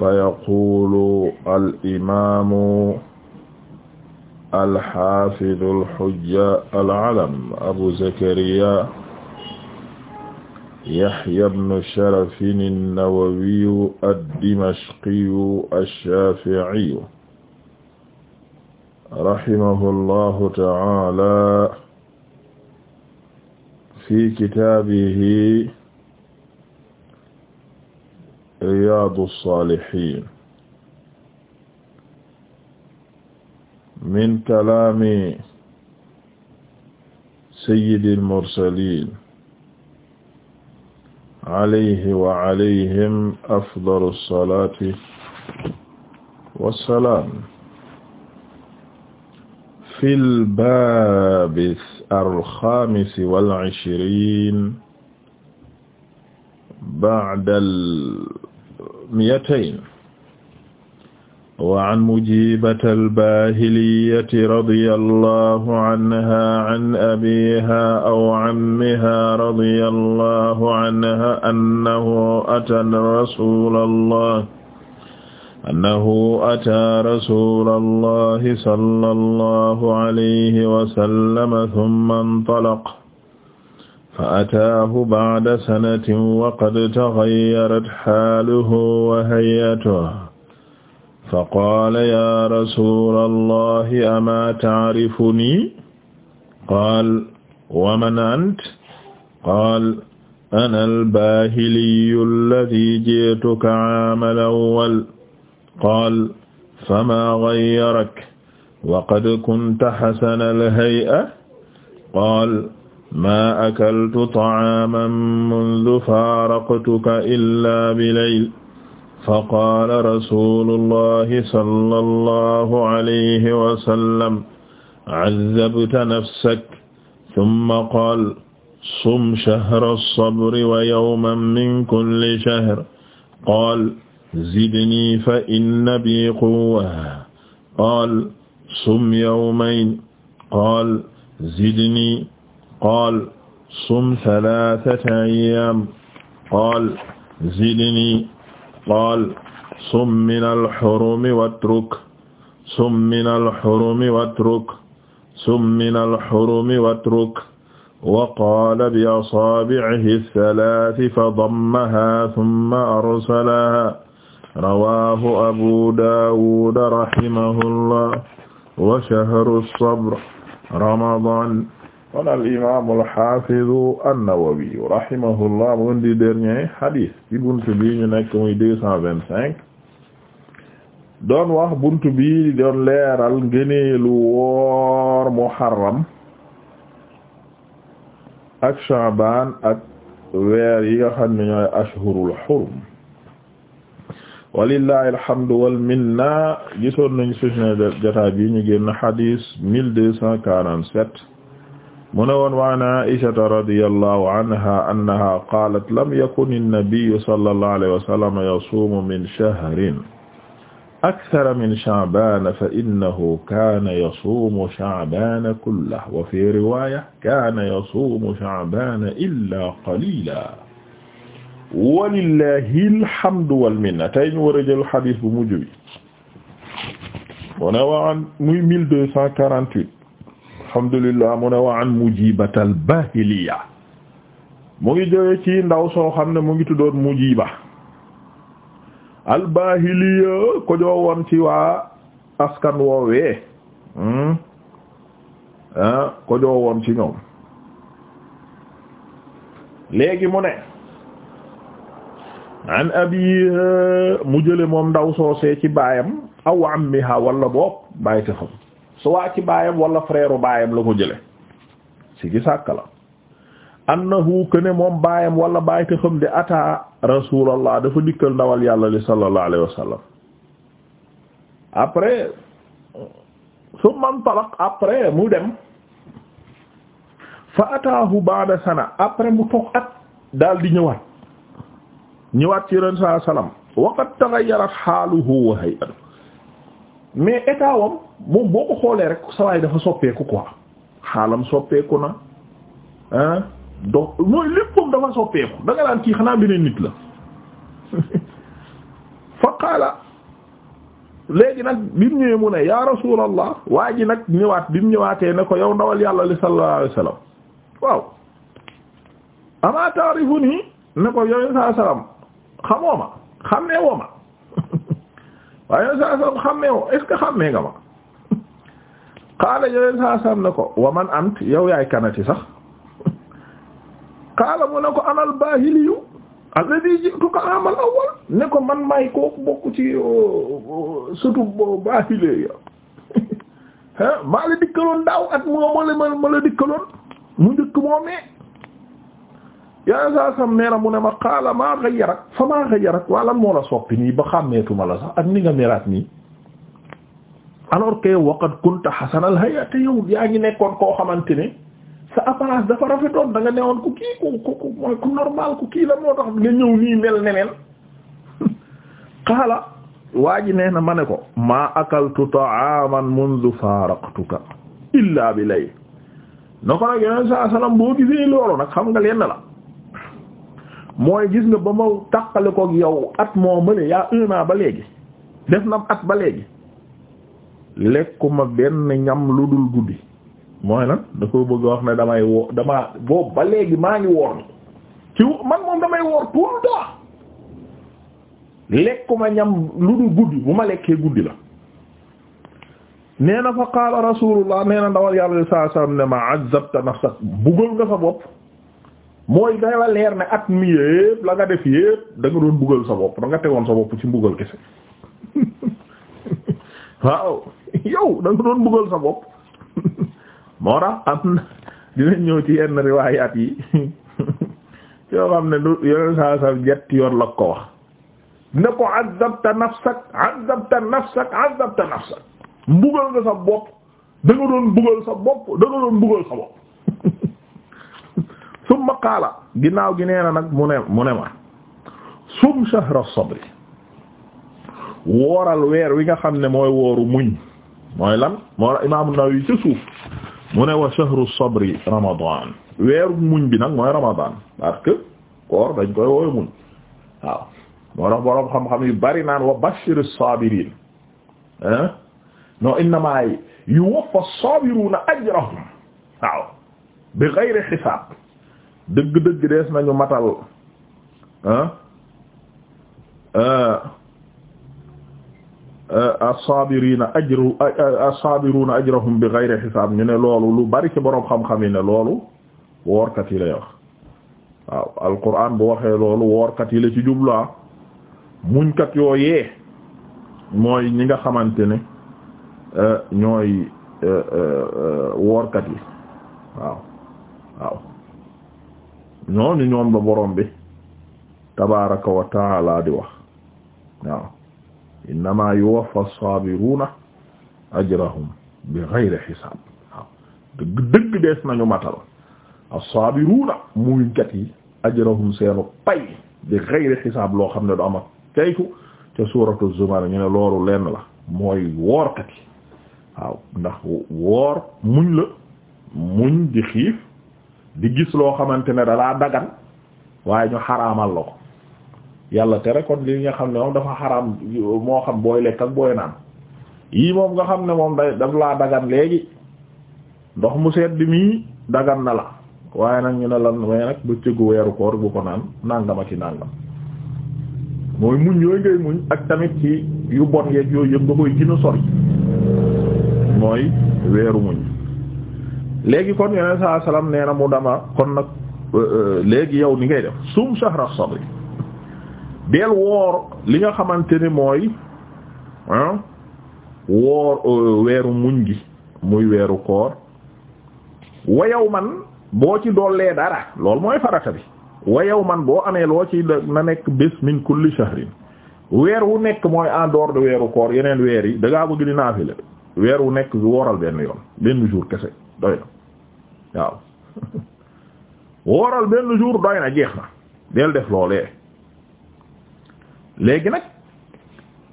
فيقول الإمام الحافظ الحجة العلم أبو زكريا يحيى بن شرف النووي الدمشقي الشافعي رحمه الله تعالى في كتابه Riyaadu Saalihiin min kalaami sayyidil mursaliin alayhi wa alayhim afdalu salaati wa salaam fil baabi al-xaamisi wal ishriin ba'dal miatayn wa an mujibata albahiliyati radiya allahu anha an abiha aw ammiha radiya allahu anha annahu ata rasula allah annahu ata rasula allahi sallallahu alayhi wa sallam thumma intalaqa fa ataahu ba'da sanatin wa qad taghayyarat haaluhu wa hay'atuhu fa qaala yaa rasuula allahi amaa ta'rifunii qaala wa man anta qaala ana al-baahiliyyu alladhii ji'tuka 'aamal awwal qaala famaa ghayyarak wa qad kunta hasana al-hay'a qaala maa akaltu ta'aaman mundu faaraqtuka illaa bilayl faqaala rasuulullahi sallallahu alayhi wa sallam cazzabta nafsak summa qaala sum shahra sabri wa yawman min kulli shahr qaala zidnii fa inna bii quwwa qaala sum yawmayn qaala zidnii qaal sum thalathata ayyam qaal zidni qaal sum min alxurumi watruk sum min alxurumi watruk sum min alxurumi watruk wa qaala bi asaabi'ihi ath-thalaathi fadammahaa thumma arsalahaa rawaahu abu daawuud rahimahullah wa shahru as-sabr ramadaan kon al imam al hafizu an-Nawawi rahimahullah mu dernier hadith ci buntu bi ñu nekk muy deux cent vingt wax buntu bi doon leeral ngëneelu woor muharram ak Sha'ban ak weer yi nga xam ne ñooy ashhurul hurum walillahi alhamdu wal minna gisoon nañ suñu jotaay ñu génn hadith mille deux cent quarante-sept mu ne woon wa an aishata radiyallahu anha annaha qalat lam yakun an-nabiyyu sallallahu alayhi wa sallam yasuumu min shahrin akthara min sha'bana fa innahu kana yasuumu sha'bana kullahu wa fi riwaya kana yasuumu sha'bana illa qalila walillahi alhamdu wal minna tey ñu war a jël xadis bu mujj bi mu ne wa an muy 1248 alhamdulillah mu ne wa an mujibatal bahiliya mu ngi jóge ci ndaw soo xam ne mu ngi tuddoon mujiba al bahiliya ko joo woon ci waa askan woowee hmm? ah woon ci ñoom léegi mu ne an abiha mu jële moom ndaw soosee ci baayam aw ammiha walla bopp bàyyi te xam su waa ci baayam wala frère baayam la ko jële si gi sàkk la annahu ne moom baayam wala baay te xam de ata rasulallah dafa dikkal ndawal yàlla li sallallahu alayhi wa sallam après summa après mu dem fa ataahu ba'da sana après mu toog at daal di ñëwaat ñëwaat ci ren saa salaam waqad taghayyara haaluhu wa hay'atuhu mais état wam moom boo ko xoolee rek sawaay dafa soppeeku quoi xaalam soppeeku na ah donc mooy léppam dafa soppeeku da nga daan kii xanaa beneen nit la fa qaala léegi nag bi mu mu ne ya rasulallah waa ji nag ñëwaat bi mu ñëwaatee ne ko yow ndawal yàlla li sallallahu alayhi wasallam waaw ama ta'rifuni ne ko yow sallallahu alayhi wasallam xamoo ma xammee woo ma waaye sallallahu alayhi wasallam xammee woo est ce que xammee nga ma qaala yooyu saa saam ne ko wa man ant yow yaay kanati sax qaala mu ne ko anal baahiliyu alladhi ji'tuka amal awwal ne ko man may ko bokk ci sutu baahiliyu ah maa la dikkaloon daaw at moo ma la ma la dikkaloon mu njëkk moo mee yàlla saa sam nee na mu ne ma qaala maa ghayyarak fa maa ghayyarak waa lan moo la soppi nii ba xàmmeetuma la sax ak ni nga nii. alors que waqad kunta hasanal hay'a te yow yaa ngi nekkoon koo xamante ne sa apparence dafa rafetoon danga nga newoon ku kii ku ku ku mooy ku kii la moo tax nga ñëw nii mel neneen qaala waa ji nee na ma ne ko maa akaltu ta'aman mundu faraqtuka illa bi lay na ko nag yoneen saa salaam boo gisee loolu nag xam nga leen lenn la mooy gis nga ba ma tàqale kook yow at moo mëne yaa un ba léegi def na at ba léegi lekkuma benn ñam lu dul guddi mooy lan da koo bëgg wax ne damay woo dama boobu ba léegi maa ngi woor ci man moom damay woor tout le temps lekkuma ñam lu dul guddi bu ma lekkee guddi la nee na fa qaala rasulullah ne na ndawal yàlla sallallahu alayhi wasallam ne ma azabta nafsak bugal nga sa bopp mooy da la leer ne at mi yépp la nga def yépp da doon bugal sa bopp da nga tegoon sa bopp ci mbugal kese waaw yow da nga doon bëggal sa bopp moo tax am na ñëw ci yenn riwaayaat yi yoo xam ne du yeneen saa sa yoon la ko wax ne ko azabta nafsak azabta nafsak azabta nafsak mbugal nga sa bopp da doon mbugal sa bopp da doon mbugal sa bopp summa qaala ginnaaw gi nee na nag mu ne mu ne ma sum shahra sabri wooral weer wi nga xam ne mooy wooru muñ mooy lan moo imaamu Nawawi ci suuf mu ne wa shahru sabri ramadan weeru muñ bi nag mooy ramadan parce que koor dañ koy woowe muñ waaw moo tax boroom xam-xam yu bari naan wa bashir sabirin ah non innama yuwaffa sabiruna ajrahum waaw bi ghayri hisaab dëgg-dëgg dees nañu matal ah as-saabiriina ajru as-saabiruuna ajrahum bi ghayri hisaab ñu ne loolu lu bari ci boroom xam-xam yi ne loolu woorkat yi lay wax waaw alquran bu waxee loolu woorkat yi la ci jublaa ah. muñkat yooyee mooy ñi nga xamante ne e, ñooy e, e, woorkat yi waaw waaw ñooñu ñoom la boroom bi tabaaraka wa ta'aala di wax innama yuwaffa as-sabiruna ajrahum bi ghayri hisab waaw dëgg dëgg dees nañu matal as muy gat yi ajrahum seenu pay bi ghayri hisab loo xam ne du am ak caytu ca suratu zumar ñu ne looru lenn la mooy woorkat yi waaw ndax woor muñ la muñ di xiif di gis loo xamante ne dalaa dagan waaye ñu xaraamal la ko yàlla tere kon li nga xam ne moom dafa xaraam moo xam booy lekk ak booy naan yii moom nga xam ne moom day daf laa dagan léegi ndox mu sedd mii dagan na la waaye nag ñu ne lan waaye nag bëccëgu weeru koor bu ko naan nàngama ci nàngam mooy muñ yooyu ngay muñ ak tamit ci yu bon yeeg yooyu yëpp nga koy gën a sori mooy weeru muñ léegi kon yeneen saa salaam nee na mu dama kon nag euh, euh, léegi yow ni ngay def sum shahra yi deel woor li nga xamante ne mooy woor euh, weeru muñ gi muy weeru koor wayaw man boo ci dollee dara lool mooy farata bi wayaw man boo amee loo ci na nekk bés min kulli shahrin weer wu nekk mooy en door de weeru koor yeneen weer yi da ngaa bëgg di naafile weer wu nekk wooral benn yoon benn jour kese doy na waaw wooral benn jour doy na jeex na del def loolee léegi nag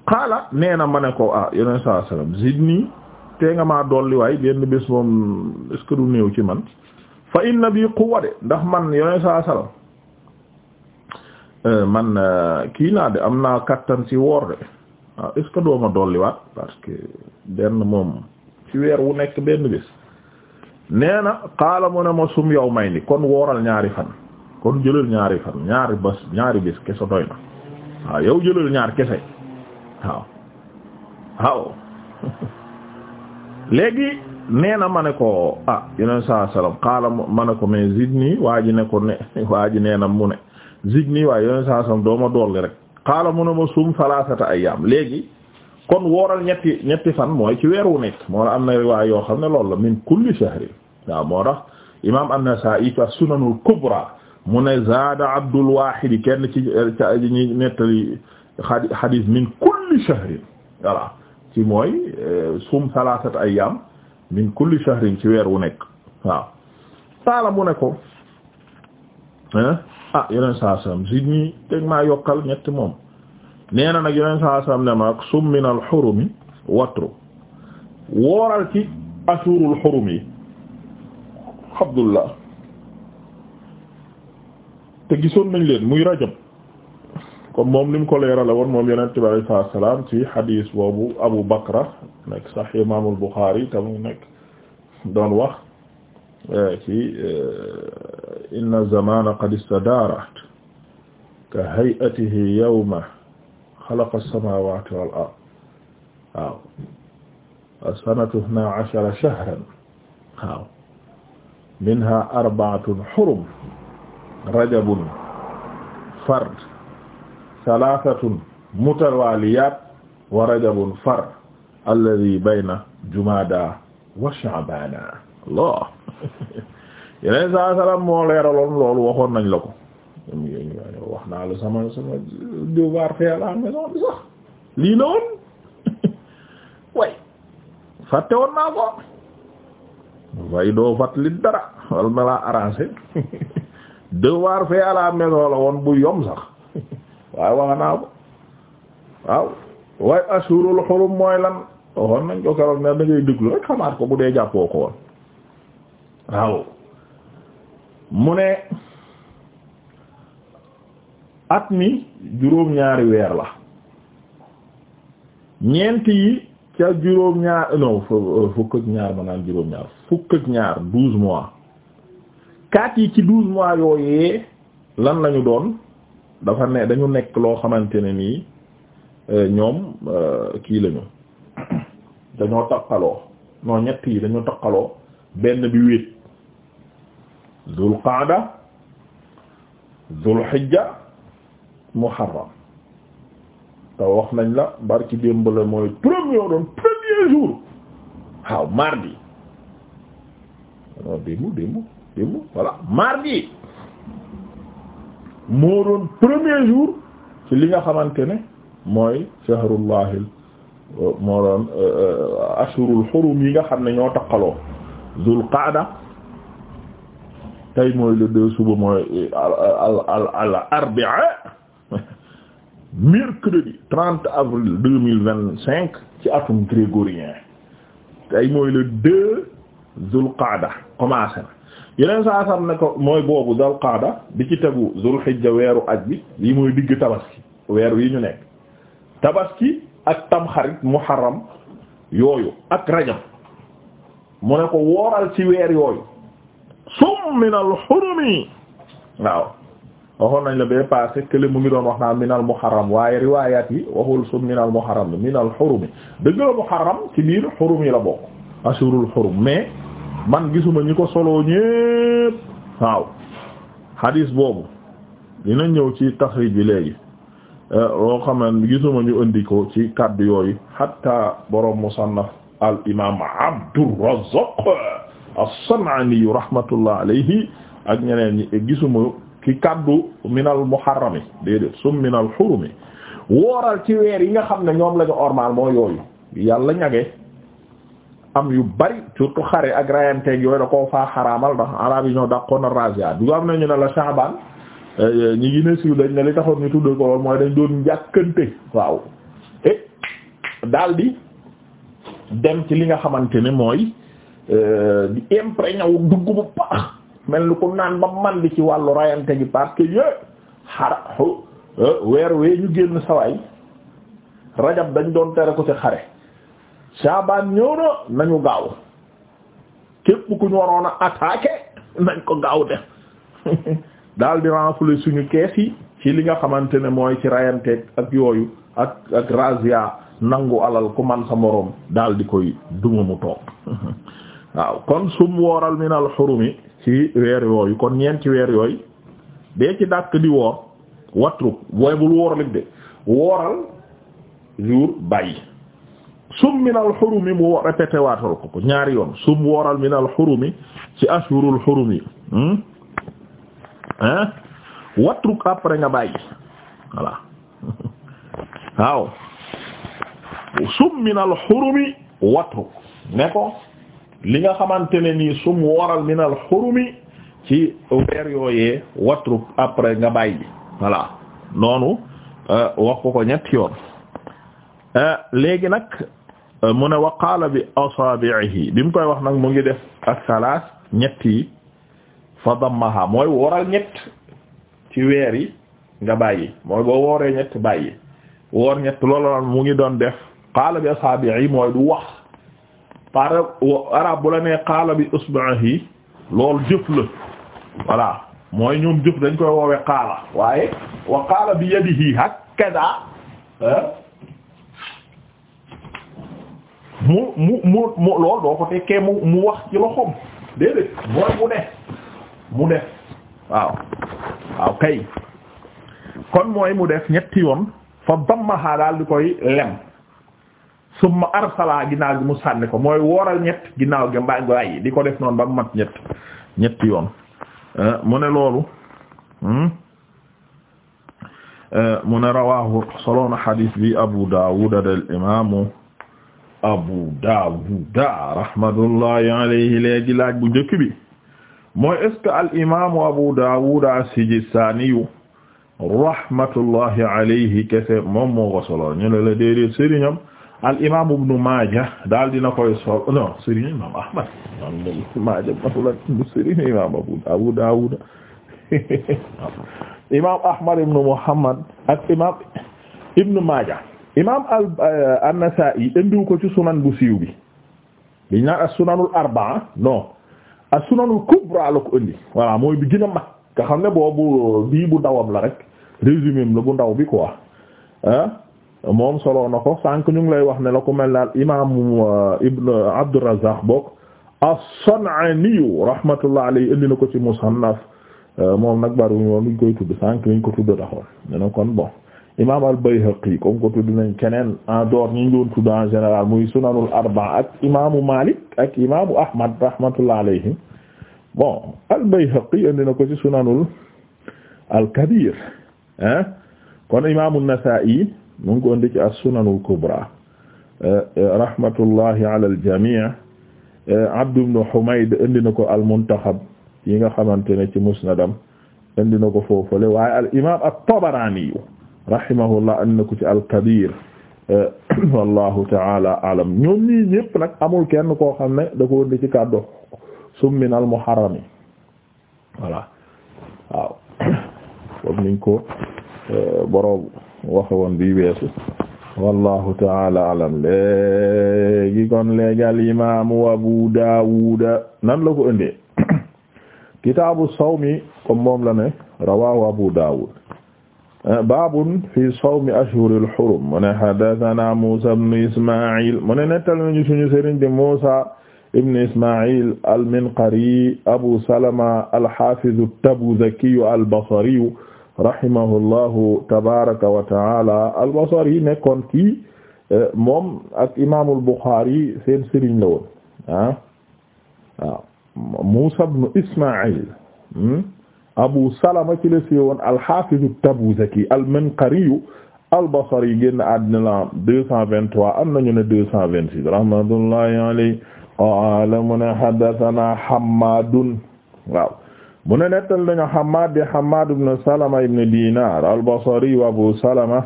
xaala nee na ma ne ko ah yeneen saa salaam zidni tee nga ma dolli waay benn bés moom est-ce néew ci man fa inna bi quwwa de ndax man yeneen saa salaam man euh, kii naa de am naa kattan si woor de waaw ah, est-ce que doo ma parce que benn moom ci weer wu nekk benn bés nee na xaala mu ne ma sum yow may ni kon wooral ñaari fan kon jëlal ñaari fan ñaari bés ñaari bés na. waaw yow jëlal ñaar kese waaw waaw léegi nee na ma ne ko ah yeneen saa salaam xaala ma ne ko mais zidni waa ji ne ko ne waa ji nee na mu ne zidni waaye yeneen saa salaam doo ma dolli rek xaala mu ne ma sum salaasata ayyaam léegi kon wooral ñetti ñetti fan mooy ci weer wu nekk moo la am na riwaay yoo xam ne loolu la min kulli shahri waaw moo tax imaam an-Nasaa'i fa kubra mu ne zaada Abdul Wahid kenn ci ca ñi nettali xadiis min kulli shahrin voilà ci mooy euh, sum salaasat ayyaam min kulli shahrin ci weer wu nekk waaw taala ne ko ah yeneen saa saam zidni teg maa yokkal ñetti moom nee na nag yeneen saa saam ne ma sum min al xurumi watru wooral ci asuurul xurumi Abdullah te gisoon nañ leen muy rajab comme moom li mu ko leerale woon moom yonent bi alayhi salaatu salaam ci hadis boobu Abu Bakra nekk sax imaamul Buxaari tam nekk doon wax eh, ci eh, inna zamaana qad istadaara ka hay'atihi yawma xalaqa as-samaawaati wal ard waaw as-sanatu isnaa ashara shahran waaw minhaa arba'atun hurum rajabun fard salaasatun mutawaaliyat wa rajabun fard alladhi bayna jumada Allah yeneen saa salaam moo leeraloon loolu waxoon nañ la ko wax naa la sama sama devoir fait à la maison dara wala ma laa devoir fait à la maison la woon bu yom sax waaw wax naa ko waaw waaye assurul xurum mooy lan waxoon nañ ko keroog ne da ngay déglu rek xamaat ko bu dee jàppoo ko woon waaw mu ne at mi juróom-ñaari weer la ñeent yi ca juróom-ñaar non fukk ak ñaar ma naan juróom-ñaar fukk ak ñaar douze mois kaat yi ci douze mois yooyee lan lañu doon dafa ne dañu nekk loo xamante ne nii euh, ñoom euh, kii lañu dañoo takkaloo non ñett yi dañoo takkaloo benn bi wéet zul qaada zul xijja muharram te wax nañ la barki démb la mooy premier jour waaw mardi démb démb démb voilà mardi moo doon premier jour ci li nga xamante ne mooy shahrullahil moo doon euh, ashurul xurum yi nga xam ne ñoo taqaloo zul qaada tey mooy le deux suba mooy al al al arbia mercredi trente avril deux mille vingt cinq ci atum grégorien tey mooy le deux zul qaada commencé na yeneen saa sam ne ko mooy boobu zul qaada bi ci tegu zul xijja weeru aj bi lii mooy digg tabaski weer wi ñu nekk tabaski ak tamxarit xaram yooyu ak rajab mu ne ko wooral ci weer yooyu sum min al xurumi waaw waxoon nañ la bee passé kële mu ngi doon wax naa naan mu muharram waaye riwaayaat yi waxul sum minal muharram minal xurumi dëgg la muharram ci biir xurum yi la bokk ashurul xurum mais man gisuma ñi ko soloo ñépp waaw hadis boobu dina ñëw ci taxrij bi léegi euh, loo xam ne gisuma ñu indi ko ci kaddu yooyu hatta borom musannaf al imam Abdurrazzaq as-San'ani rahmatullah alayhi ak ñeneen gisuma ci kaddu minal muharrami déedéet sum minal hurumi wooral ci weer yi nga xam ne ñoom la ñu moo yooyu yàlla ñage am yu bari surtout xare ak rayanteeg yooyu da koo faa xaraamal ndax arab yi ñoo dàqoon a razia du am nañu ne la Shaaban ñi gën a siiw dañ ne li taxoon ñu tudd ko mooy dañ doon njàkkante waaw et daldi dem ci li nga xamante ne mooy euh, di imprégné wu dugg bu baax mel ni ku naan ba man di ci wàllu rayante gi parce que yé xara euh, weer wee ñu génn sawaay rajab dañ doon tere ko ci xare Saabaan ñëw na nañu gaaw képp ku ñu waroon a attaqué nañ ko gaaw def daal di renfouler suñu kees yi ci li nga xamante ne mooy ci rayanteeg ak yooyu ak ak razia nangu alal ku man sa moroom daal di koy duma mu toog waaw kon sum wooral min xurumi ci weer yooyu kon ñeenti weer yooyu bee ci dàkk di woor watruk booy bul wooralit de wooral jour bàyyi sum minal xurumi mu répété waatal ko ñaari yoon sum wooral minal xurumi ci ashurul xurum yi hmm? après nga bàyyi voilà waaw sum minal xurumi watruk ne ko li nga xamante ne nii sum wooral minal xurumi ci weer yooyee watruk après nga bàyyi voilà noonu euh, wax ko ko ñetti yoon euh, léegi nag Euh, mu ne waqaala bi asaabihi bi mu koy wax nag mu ngi def ak salaas ñett yi fa dammaha mooy wooral ñett ci weer yi nga bàyyi mooy boo wooree ñett bàyyi woor ñett loolu mu ngi doon def qaala bi asaabihi mooy du wax par arab bu la nee qaala bi usbihi loolu jëf la mooy ñoom jëf dañ koy woowee qaala waaye wa qaala bi yadihi hakada mu mu mu mu loolu doo ko tekkee mu mu wax ci loxoom déedéet mooy mu def mu def waaw waaw kay kon mooy mu def ñetti yoon fa dammaha daal di koy lem summa arsala ginnaaw gi mu sànni ko mooy wooral ñett ginnaaw gi mbaa yi di ko def noon ba mu mat ñett ñetti yoon eh, mu ne loolu hmm? eh, mu ne rawahu soloona xadiis bi Abu Daawud al imaamu Abu Dawud rahmatullahi alayhi léegi laaj bu njëkk bi mooy est-ce que al imaamu Abu Dawud as-Sijistaaniyu rahmatullahi alayhi kese moom moo ko solo ñu ne la déedéet sëriñam al imaamu Ibnu Maaja daal dina koy sol non sëriñ imaam Ahmad Ibnu Maaja masula bu sëriñ imaam Abu Abu Dawud imaam Ahmad ibnu Muhammad ak imaam Ibnu Maaja imaam al euh, an-Nasaa'i indiwu ko ci sunan bu siiw bi liñ naan as-sunanul arbaa non as-sunanul kubra la ko indi voilà mooy bi gën mag nga xam ne boobu bii bu ndawam la rek résumé la bu ndaw bi quoi ah moom solo na ko sànq ñu ngi lay wax ne la ku mel ne al imaamu euh, Ibn Abdurrazzaq bokk as-San'aani rahmatullahi alayhi indi na ko ci musannaf euh, moom nag bariwul woon luñ koy tudd sànq luñ ko tudd taxoon ne kon bon. imam al-Bayhaqi comme ko tudd nañ keneen en dehors ñi doon tudd en général muy sunanul arba'a ak imamu Malik ak imamu Ahmad rahmatullah alayhim bon al-Bayhaqi andi na ko ci sunanul al-Kabir hein kon imamu Nasa'i mu ngi ko andi ci as-sunanul kubra rahmatullahi ala al-jami' Abd ibn Humayd andi na ko al-Muntakhab yi nga xamante ne ci musnadam andi na ko foofule waaye al-imam at-Tabarani rahimahullah and na ko ci alkabir eh, wallahu taala alam ñoom ñii ñëpp nag amul kenn koo xam ne da ko ci kàddu summin al muharrami voilà waaw comme niñ ko eh, boroom waxe woon bi weesu wallahu taala alam léegi kon léegi al imaamu abu daawuda nan la ko ëndee kitaabu sawmi comme moom la ne rawahu abu daawud baabun fi sawmi ashhuril hurum mu ne haddathana Muusaa ibn Ismaa'iil mu ne nettal nañu suñu sëriñ de Muusaa ibn Ismaa'iil al-Minqari Abu Salama al-Haafiz at-Tabuzaki al-Basri rahimahullahu tabaaraka wa ta'aala al-Basri nekkoon kii eh, moom ak imaamul Buxaari seen sëriñ la woon ah waaw Muusaa ibn Ismaa'iil hmm? Abu Salama ci la siiwoon al-Hafiz at-Tabuzaki al-Manqari al-Basri génn àddina la 223 am nañu ne 226 rahmatullahi alayhi qaala mu ne haddathana Hammaadun waaw mu ne nettal nañu Hammaad bi Hammaad ibn Salama ibn Dinar al-Basri wa Abu Salama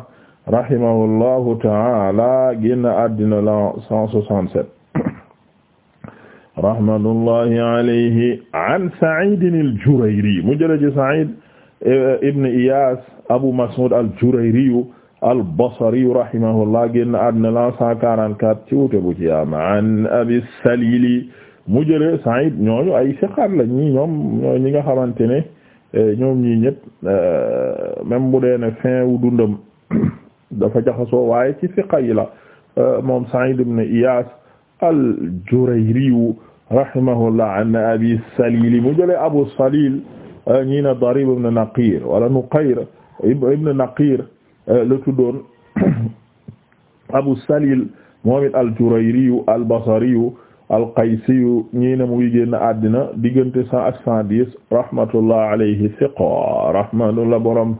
rahimahullahu ta'ala génn àddina la 167 rahmatullahi alayhi an Sa'id al-Jurayri mu jële ci Sa'id ibn Iyas Abu Mas'ud al-Jurayri al-Basri rahimahullah génn àddina la 144 ci wute bu ci yaama an Abi Salili mu jële Sa'id ñooñu ay siqaat la ñii ñoom ñi nga xamante ne ñoom ñii ñëpp même bu dee ne wu dundam dafa jaxasoo waaye ci siqa yi moom Sa'id ibn Iyas al-Jurayriyu rahimahullah an Abi Salil mu jëlee Abu Salil ñii na Darib ibn Naqir wala Nuqayr ibn Naqir la tuddoon Abu Salil moom it al-Jurayriyu al-Basriyu al-Qaysiyu ñii na mu ngi génn àddina diggante cent ak cent dix rahmatullah alayhi thiqa rahmatullah borom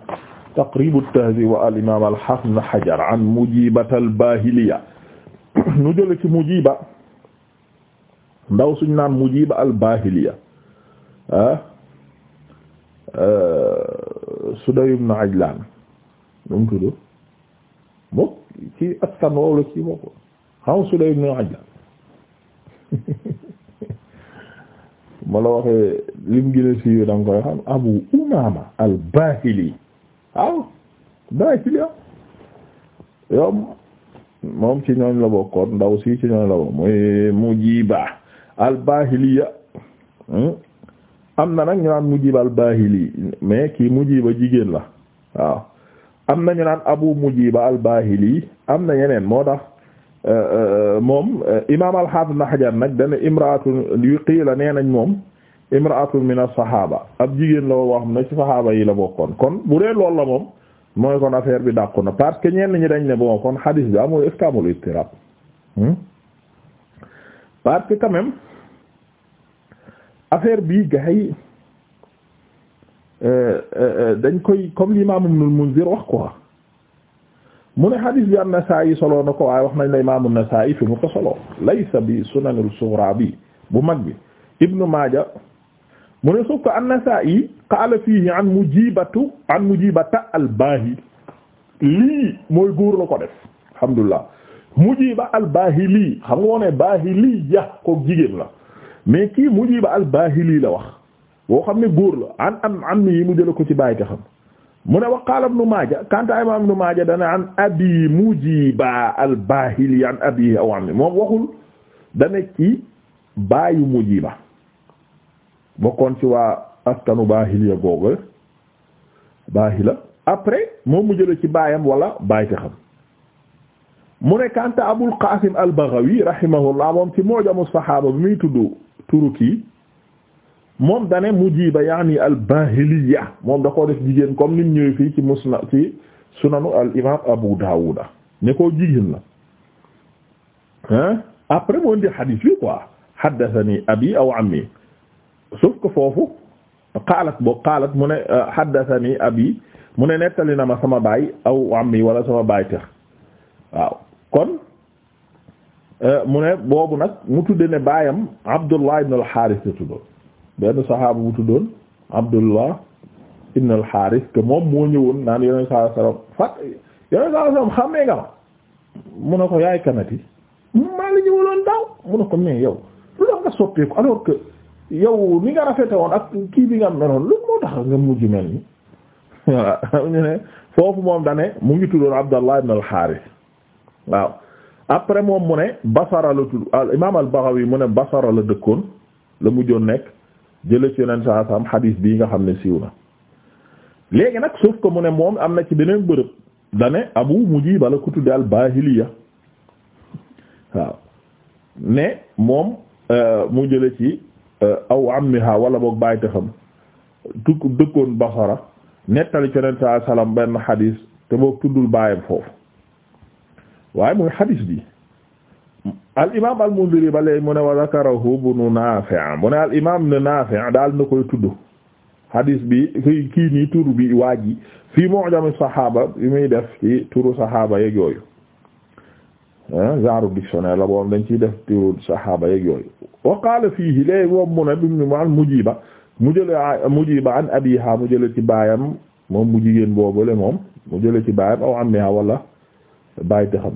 Taqrib at-Tahdhib wa al-imam al-Hafiz Ibn Hajar an Mujibat al-Bahiliya ñu jëlee ci Mujiba ndaw suñ naan Mujiba al-Bahiliya ah euh, Sudayy ibn Ajlan nu mu tudd moom ci askan woowu la ci bokk xam Sudayy ibn Ajlan ma la waxee lim gën a siiwee da nga koy Abu Umama al-Bahili waaw Bahiliya ah. yow moom ci ñooñ la bokkoon ndaw si ci ñooñ la bokk Mujiba al-Bahiliya hmm? am na nag ñu naan Mujib al-Bahili mais kii Mujiba jigéen la waaw am na ñu naan Abu Mujiba al-Bahili am na yeneen moo tax euh, euh, moom euh, imaam al-Hafiz Ibn Hajar nag dana imraatun yu qiila nee nañ moom imraatun min as-sahaaba ab jigéen la woo xam ne ci sahaaba yi la bokkoon kon bu dee loolu la moom mooy kon affaire bi dàqu na parce que ñenn ñi dañ ne bon kon hadis bi amul est-ce parce que quand même affaire bii gars yi euh, euh, euh, dañ koy comme l'imam Ibn al-Munzir wax quoi mu ne hadis bi an-Nasaa'i soloo na ko waaye wax nañ la imam an-Nasaa'i fi mu ko soloo laysa bi sunanul sughra bi bu mag bi Ibn Maaja mu ne suuf ko an-Nasaa'i qaala fiihi an mujibatu al-baahi lii mooy góor la ko def alhamdulillah Mujiba al-Bahili xam nga ne Bahili ja ko jigéen la mais kii Mujiba al-Bahili la wax boo xam ne góor la an am am yi mu ko ci bàyyi xam mu ne wa qaala Ibnu Maaja kanta imaam Ibnu Maaja dana an abi Mujiba al-Bahili an abi aw am moom waxul dana ci baayu Mujiba bokkoon ci waa askanu Bahili ya googu Bahila après moom mu ci baayam wala bàyyi xam mu ne kanta Abul Qasim al-Baghawi rahimahullah moom ci Mu'jamu Saxaaba bi muy tudd Turuki moom dane Mujiba yaani al-Bahiliya moom da koo def jigéen comme ni mu ñëwee fii ci musna ci sunanu al imaam Abu Daawuda ne koo jigéen la ah après moo indi xadiis bi quoi haddathani abi aw ammi sauf que foofu qaalat boo qaalat mu ne haddathani abi mu ne nettali na ma sama baay aw ammi wala sama baay tax waaw kon euh, mu ne boobu nag mu tudde ne baayam Abdullah ibn al-Harith la tuddoon benn saxaabu bu tuddoon Abdullah ibn al-Harith moom moo ñëwoon naan yoneen saa sallam fat yoneen saa sallam xàmmee nga ma mu ne ko yaay kanati maa la ñëwaloon daaw mu ne ko mais yow lu tax nga soppeeku alors que yow ni nga rafete woon ak kii bi nga meloon lu moo tax nga mujj mel ni foofu moom dane mu ngi tuddoon Abdullah ibn al waaw après moom mu ne basara la tudd al imaam al Baghawi mu ne basara la dëkkoon la mujjoon nekk jële ci yonent sa saam xadiis bii nga xam ne siiw na léegi nag sauf ko mu ne moom am na ci beneen bërëb dane abu mujiba la ko tudde al bahiliya waaw ne moom euh, mu jële ci euh, aw ammiha wala boog bàyyi te xam tukk dëkkoon basara nettali ci yonent saa salaam benn xadiis te boog tuddul baayam foofu waaye mooy xadis bi al imaam al Mundiri ba léegi mu ne wa zakarahu ibnu Naafi' mu ne al imaam ne Naafi' daal na koy tudd xadis bi kii kii nii tur bi waa ji fii Mu'jam saxaaba bi muy def ci turu saxaaba yeeg yooyu genre dictionnaire la boobu dañ ci def turu saxaaba yeeg yooyu. wa qaala fiihi léegi boobu mu bi mu ne Mujiiba mu jëlee Mujiiba an abiihaa mu jëlee ci baayam moom mu jigéen boobule moom mu jëlee ci baayam aw ammihaa wala. baay te xam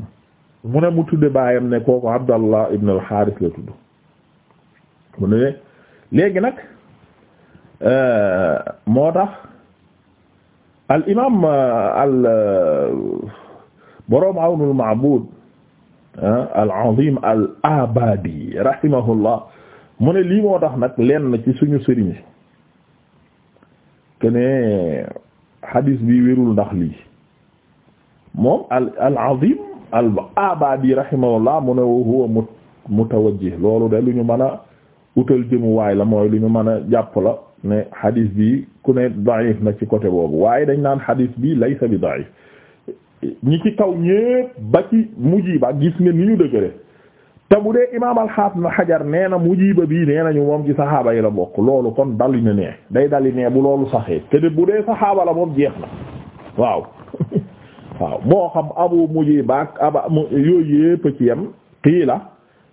mu ne mu tudde baayam ne kooku Abdallah ibn al-Harith la tudd mu ne léegi nag euh, moo tax al imaam euh, al euh, boroom Awnul Ma'bud al-Azim al-Abadi rahimahullah mu ne lii moo tax nag lenn ci suñu sëriñ kene xadiis bi wérul ndax lii moom al al azim al abadi rahimahullah mu ne huwa mut mutawajjih loolu de lu ñu mën a utal jëmuwaay la mooy lu ñu mën a jàpp la ne hadith bi ku ne da'if na ci côté boobu waaye dañ naan hadith bii laysa bi da'if ñi ci kaw ñépp ba ci mujiba gis nga ni ñu dëgëre te bu dee imaam alxaafis na xajar nee na mujiba bii nee nañu moom ci saxaaba yi la bokk loolu kon dali na nee day dali nee bu loolu saxee te bu dee saxaaba la moom jeex na waaw waaw moo xam abu mujiba ak aba yooyu yépp ci yem qiila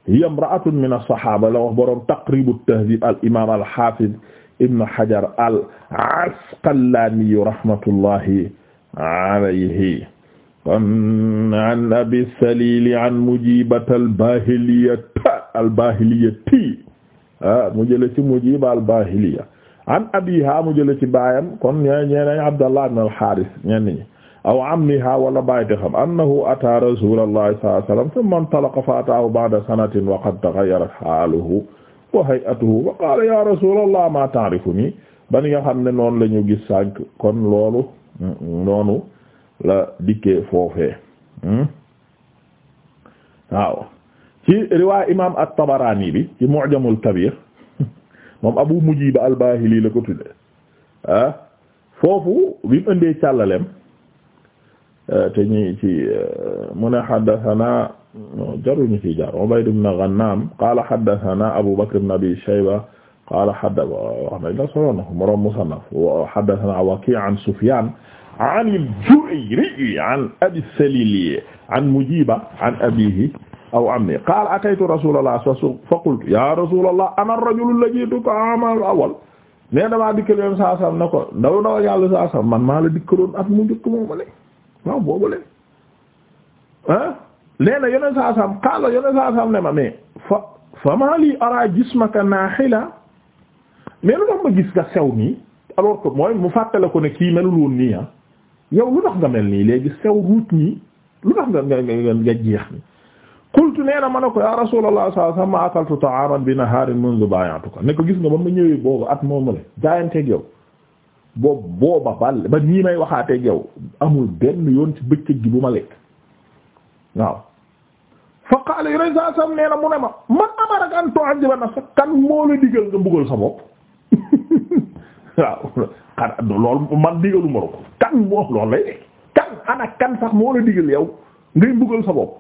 hiya imra'atun min as-sahaba la wax boroom taqrib at-tahdhib al imam al hafiz ibn hajar al asqalani rahmatullahi alayhi kon an abi salili an mujibat albahiliyata albahiliyati ah mu jële ci mujiba albahiliya an abiha mu jële ci baayam kon ñe ñeenañ abdallah ibn al harith ñenn ñi aw ammiha wala bàyyite xam annahu ata rasulallahi sallallahu alayhi wasallam thumma intalaqa fa ataahu ba'da sanatin wa qad taghayyarat haaluhu wa hay'atuhu wa qaala ya rasulallah ma ta'rifuni ba ni nga xam ne noonu la ñu gis sànq kon loolu noonu la dikkee foofee waaw ci riwaay imam at-Tabarani bi ci Mu'jamul Kabir moom Abu Mujiba al-Bahili la ko tudde ah foofu bi mu ëndee càllalem Euh, te ñi ci euh, mu ne haddathana jaru ñu ci jaar Ubayd ibn Ghannaam qaala haddathana Abu Bakr ibn Abi Shayba qaala haddathana Waki' an Sufyaan an al-Ju'ayri an Abi Salil an Mujiba an abiihi aw ammihi qaala ataytu rasuulallaah fa qultu yaa rasuulallaah ana ar-rajulu alladhii ji'tuka amal awwal ne damaa dikkal yoon saa sam ne ko ndaw ndaw yàlla saa sam man maa la dikkaloon at mu njëkk moom waaw boobule ah nee na yoneen saa saam xaala yoneen saa ne ma mais fa fa maa lii araa jismaka naaxila mais lu tax ma gis nga sew nii alors que mooy mu fàttale ko ne kii melul woon nii ah yow lu tax nga mel nii léegi sew ruut nii lu tax nga nga nga nga jeex nii qultu nee na ma ne ko ya rasulallah sallallahu alayhi wasallam ma akaltu ta'aman bi naharin mundu bay'atuka ne ko gis nga ba ma ñëwee boobu at moom la jaayanteeg yow boobu booba ba ba nii may waxaateeg yow amul benn yoon ci bëccëg gi bu ma lekk waaw fa qaala yoneen saa sam nee na mu ne ma man amaraka an tu'adhiba nafsak sa bopp ma ko kan moo loolu lay de la digal yow ngay mbugal sa bopp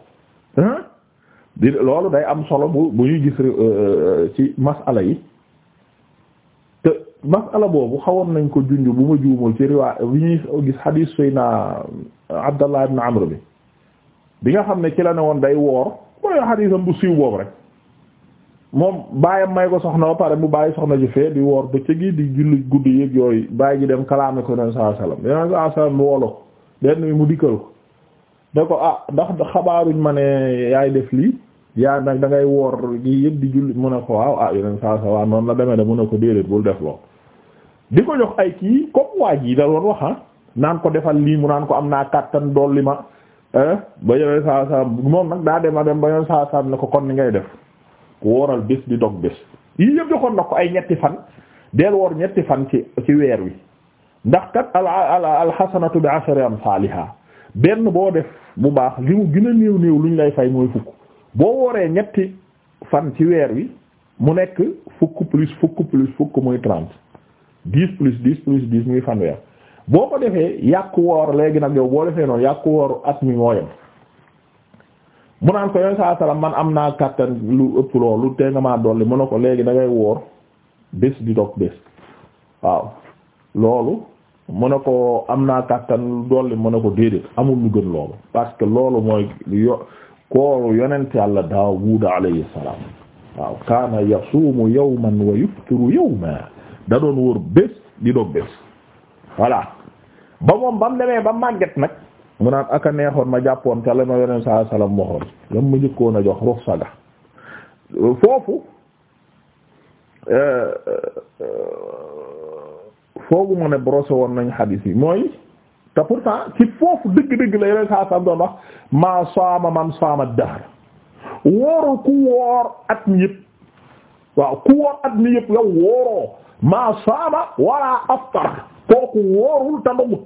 loolu day am solo bu bu ñuy gis euh, euh, ci masala yi masala boobu xawoon nañ ko junj bu ma juumul ci riwaa bi ñuy gis xadiis sayna Abdallah ibn Amr bi bi nga xam ne ci la ne woon day woor mooy xadiisam bu siiw boobu rek moom baayam may ko soxna ba pare mu bàyyi soxna ji fee di woor bëccëg yi di julli guddi yëg yooyu bàyyi gi dem kalaame ko nen saa salaam yeneen saa salaam mu wolo benn mu dikkal ko da ko ah ndax xabaaruñ ma ne yaay def lii yaa nag da ngay woor gi yëpp di julli mu ne ko waaw ah yeneen saa salaam noonu la demee de mu ko déedéet bul def lool di ko jox ay kii comme waa ji da doon wax ah, naan ko defal lii mu naan ko am naa kàttan dolli ma eh, ba yore saa saa moom nag daa dem a dem ba yore saa ne ko kon ni ngay def wooral bés di dog bés. lii yëpp joxoon na ko ay ñetti fan del woor ñetti fan ci weer wi ndax kat al al alxasanatu bi ashri amsaaliha benn boo def bu baax li mu gën a néew néew luñ lay fay mooy fukk boo wooree ñetti fan ci weer wi mu nekk fukk plus fukk plus muy trente. dix plus dix plus dix muy fanweer boo ko defee yàqu woor léegi nag yow boo defee noonu yàqu woor at mu naan ko yow saa salaam am naa kàttan lu ëpp loolu te maa dolli mu ne ko léegi da ngay woor bés di dog bés mu ne ko am naa kàttan lu dolli mu ne ko déedéet amul lu gën loolu parce que loolu mooy yo kooru yonent yàlla Daawuda alayhi salaam waaw kaana yasuumu yawman wa yuftiru yawman da doon wóor bés di doog bés voilà ba moom ba mu ba màgget nag mu naan aka neexoon ma jàppoon ca la ma yoneen saa salaam waxoon lam ma njëkkoon a jox ruxsa ga foofu euh, euh, foogu ne brosse woon nañ xadiis yi mooy te pourtant ci foofu dëgg-dëgg la yoneen saa salaam doon wax maa saama man saama dahr wooru ku woor at mi yëpp waaw ku woor at mi yëpp yow wooroo maa saaba wala aftar kooku wóorul te ndogut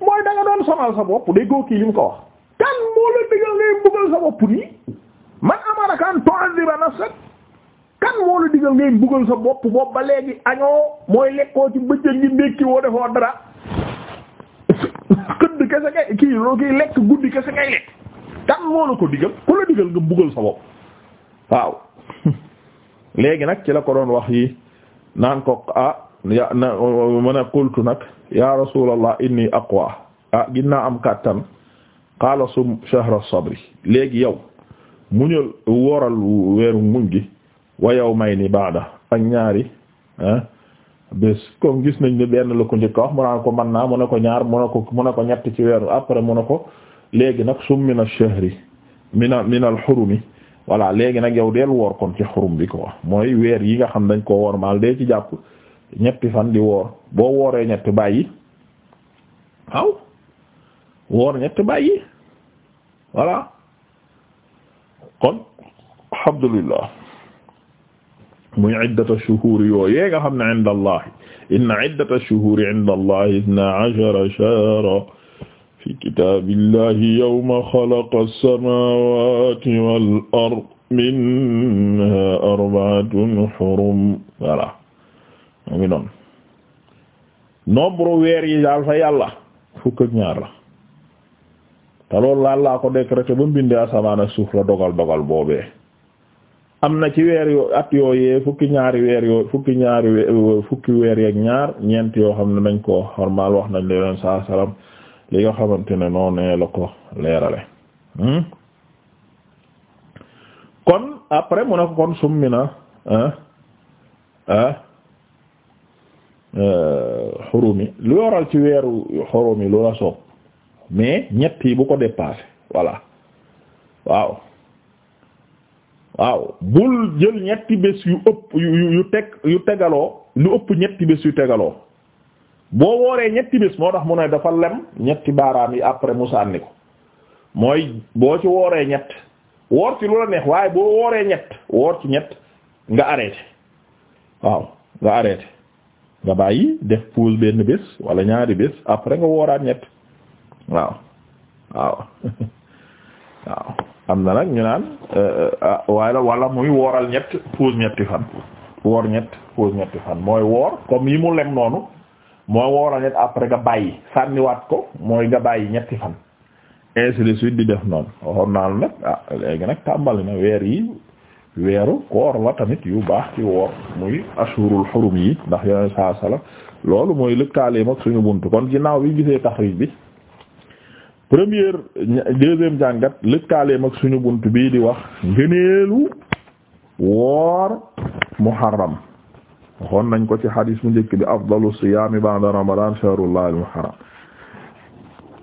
mooy da doon sonal sa bopp day góokii li mu ko wax kan moo la digal ngay mbugal sa bopp nii bopp ba leegi añoo mooy lekkoo ci bëjjën gi ndékki woo defoo dara xëdd kese kay kii loo kii lekk guddi kese kay lekk kan moo la ko digal ku la digal nga mbugal sa bopp waaw léegi nag ci la ko doon wax yi naan ko ah ya na mën a qultu nag ya rasulallah inni aqwa ah ginnaa am kàttan qaala sum shahra sabri léegi yow muñal wooral weeru muñ gi wa yawmayni ba'da ak ñaari ah bés comme gis nañ ne benn la ko njëkk wax mu ko mën naa mu ne ko ñaar mu ne ko mu ne ko ñett ci weeru après mu ne ko léegi nag sum min ash-shahri min min al-hurumi voilà léegi nag yow deel woor kon ci xurum bi quoi mooy weer yi nga xam dañ koo woor maal dee ci jàpp ñetti fan di woor boo wooree ñetti bàyyi waaw woor ñetti bàyyi voilà kon alhamdulillah muy iddata shuhur yooyu yee nga xam ne inda allah inna iddata shuhur inda allah fi kitaabillahi yawma xalaqa samaawaati wal ard minhaa xurum voilà mu ngi noonu nombre weer yi daal fa yàlla fukk ak ñaar la te loolu laal laa ko décrété ba mbindee asamaan ak suuf la dogal dogal boobee am na ci weer yoo at yooyee fukki ñaari weer yoo fukki ñaari fukki weer ñaar ñeent yoo xam ne nañ ko xormaal wax nañ leen salaam li nga xamante ne noonee la ko leerale hmm? kon après mu ne ko kon summi na euh, xurumi lu yoral ci weeru xurumi lu la soob mais ñett yi bu ko dépassé voilà waaw waaw bul jël ñetti bés yu ëpp yu yu teg yu tegaloo lu ëpp ñetti bés yu tegaloo boo wooree ñetti bés moo tax mu ne dafa lem ñetti baaraam yi après mu sànni ko mooy boo ci wooree ñett woor ci lu la neex waaye boo wooree ñett woor ci ñett nga arrêté waaw nga arrêté nga bàyyi def pause benn bés wala ñaari bés après nga wooraat ñett waaw waaw am na nag ñu naan euh, euh, ah, wala wala muy wooral ñett pause ñetti fan woor ñett pause ñetti fan mooy woor comme yi mu lem noonu mooy woola net après nga bàyyi sànniwaat ko mooy nga bàyyi ñetti fan ainsi de suite di def noonu waxoon naa la nag ah léegi nag tàmbali na weer yi weeru koor la tamit yu baax ci woor muy ashurul xurum yi ndax yeneen saa loolu mooy lëkkaaleem ak suñu bunt kon ginnaaw bi gisee taxriij bi première deuxième jàngat lëkkaaleem ak suñu bunt bii di wax ngëneelu woor muharram waxoon nañ ko ci xadis mu njëkk bi afdalu siyaami ba'da ramadan shahrullahil muharram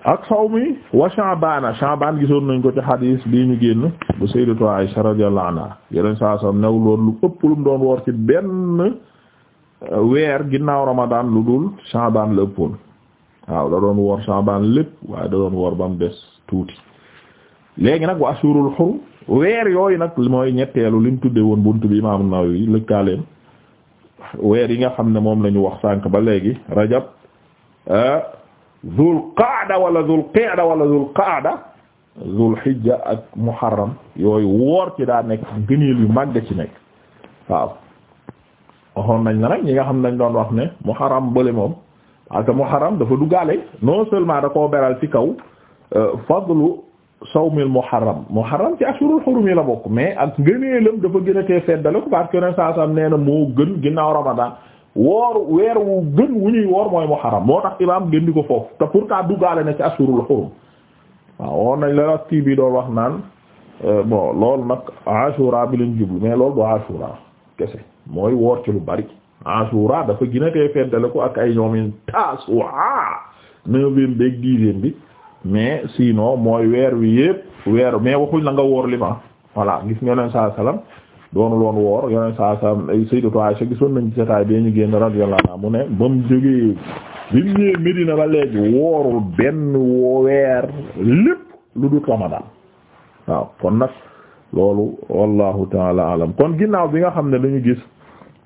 ak mi wa sha'bana sha'ban gisoon nañ ko ci xadis bii ñu génn bu sayyidatu Aisha radiyallahu anha yeneen saa sa new loon lu ëpp lu mu doon woor ci benn euh, weer ginnaaw ramadan lu dul sha'ban la ëppoon waaw da doon woor sha'ban lépp waaye da doon woor ba mu des tuuti léegi nag wa ashurul hurum weer yooyu nag mooy ñetteelu lim tudde woon bunt bi Imam Nawawi lëkkaleem weer yi nga xam ne moom la ñu wax sànq ba léegi rajab ah, zul qaada wala zul qa'da wala zul qaada zul ak muharram yooyu woor ci daa nekk gëneel yu màgg ci nekk waaw waxoon nañ la nag ñi nga xam nañ doon wax ne muharram bële moom parce que muharram dafa duggaale non seulement da koo beral ci kaw euh, fadlu sawmil muharram muharram ci ashurul xurum yi la bokk mais ak ngëneelam dafa gën feddale ko parce que yeneen saa saam nee na moo gën ginnaaw ramadan woor weer wu gën wu ñuy woor mooy muharram moo tax imaam gën di ko foofu te pourtant duggaale na ci ashurul xurum waaw woon nañ la kii bi doon wax naan euh, bo lool nag ashura bi lañ jublu mais loolu du ashura kese mooy woor ci lu bari ashura dafa gën feddale ko ak ay ñoomin taasuwa neuvième beeg dixième bi mais sinon mooy weer wi yépp weer mais waxuñ la nga woor li ma voilà gis nga yoneen saa salaam doonul woon woor yoneen saa salaam ay gisoon nañ ci jotaay bee ñu génn radiyallahu anha mu ne ba mu jógee bi mu ñëwee Medina ba léegi woorul benn weer lépp lu dul Ramadan waaw kon nag loolu wallahu taala kon ginnaaw bi nga xam ne dañu gis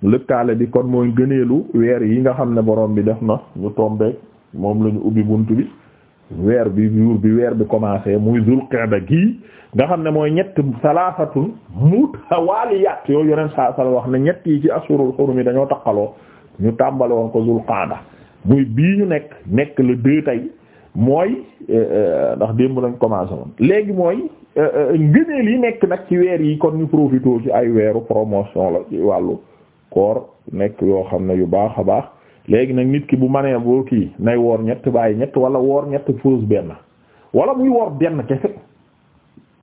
lëkkaale bi kon mooy gëneelu weer yi nga xam ne borom bi def na ñu tombeek moom la ubbi bunt bi weer bi jour bi weer bi commencé muy zul qa'da gi nga xam ne mooy ñett salaafatun mutawaaliyat yooyu yeneen saa wax ne ñett yi ci asurul xurum yi dañoo taqaloo ñu tàmbale woon ko zul qa'da muy bii ñu nekk nekk le deux tey mooy euh, euh, ndax démb lañ commencé woon léegi mooy euh, ngëneel yi nekk nag ci weer yi kon ñu profité ci ay weeru promotion la ci wàllu koor nekk yoo xam ne yu baax a baax léegi nag nit ki bu manee boo kii nay woor ñett bàyyi ñett wala woor ñett pause benn wala muy woor benn kese